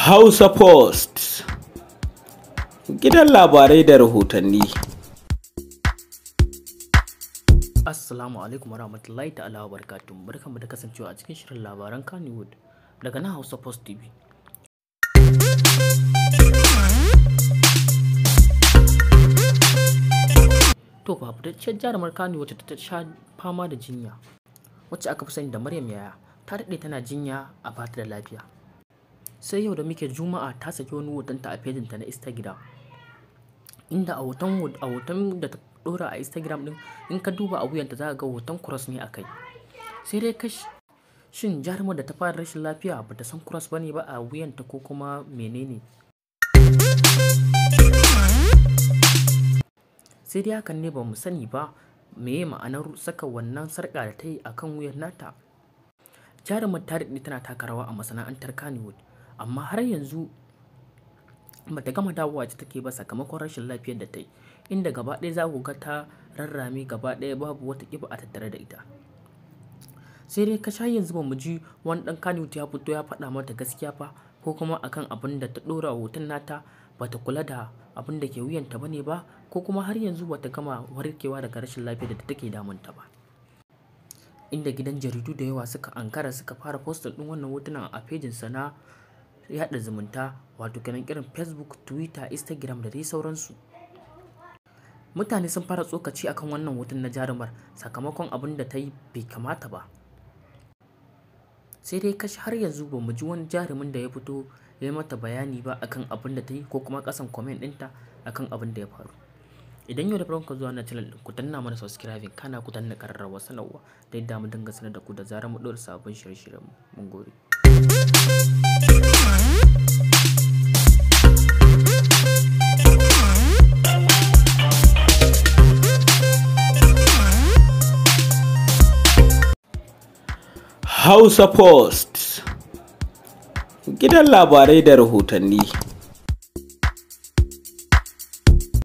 Hausa Post gidan labarai da rahotanni. Assalamu alaikum warahmatullahi ta'ala wa barkatun barkanmu da kasancewa a cikin shirin labaran Kannywood daga na Hausa Post TV. To da fitacciyar jarumar Kannywood ta sha fama da jinya wacce aka fi sani da Maryam Yaya ta daɗe tana jinya a bata da lafiya. sai yau da muke juma'a ta saki wani hotonta a fejinta na instagram inda a hoton a hoton da ta dora a instagram din in ka duba a wuyanta za ga hoton cross ne akai sai dai kashi shin jarumar da ta fara rashin lafiya ba ta san cross bane ba a wuyanta ko kuma menene sai dai hakan ne ba mu sani ba meye ma'anar saka wannan sarka da ta yi a kan wuyar nata jarumar ta tana taka rawa a masana'antar kannywood amma har yanzu bata gama dawowa ce take ba sakamakon rashin lafiyar da ta yi inda gaba ɗaya za ku ga ta rarrami gaba ɗaya babu wata ƙiba a tattare da ita sai dai sha yanzu ba mu ji wani ɗan kanut ya fito ya faɗa mata gaskiya fa ko kuma akan abin da ta ɗora hoton nata ta kula da abin da ke wuyanta ba ne ba ko kuma har yanzu bata gama warkewa daga rashin lafiyar da take damunta ba inda gidan jaridu da yawa suka ankara suka fara postal ɗin wannan hotunan a fejinsa na yaɗa zumunta wato kenan irin Facebook, Twitter, Instagram da dai sauransu. Mutane sun fara tsokaci akan wannan hoton na jarumar sakamakon abin da ta yi bai kamata ba. Sai dai kashi har yanzu ba mu ji wani jarumin da ya fito ya yi mata bayani ba akan abin da ta yi ko kuma kasan comment ɗinta akan abin da ya faru. Idan yau da farkon ka zuwa na channel ku danna mana subscribing kana ku danna ƙararrawar sanarwa da yadda mu dinga sanar da ku da zarar mu ɗora sabon shirye-shiryen mu. Mun gode. Hausa Post gidan labarai da rahotanni.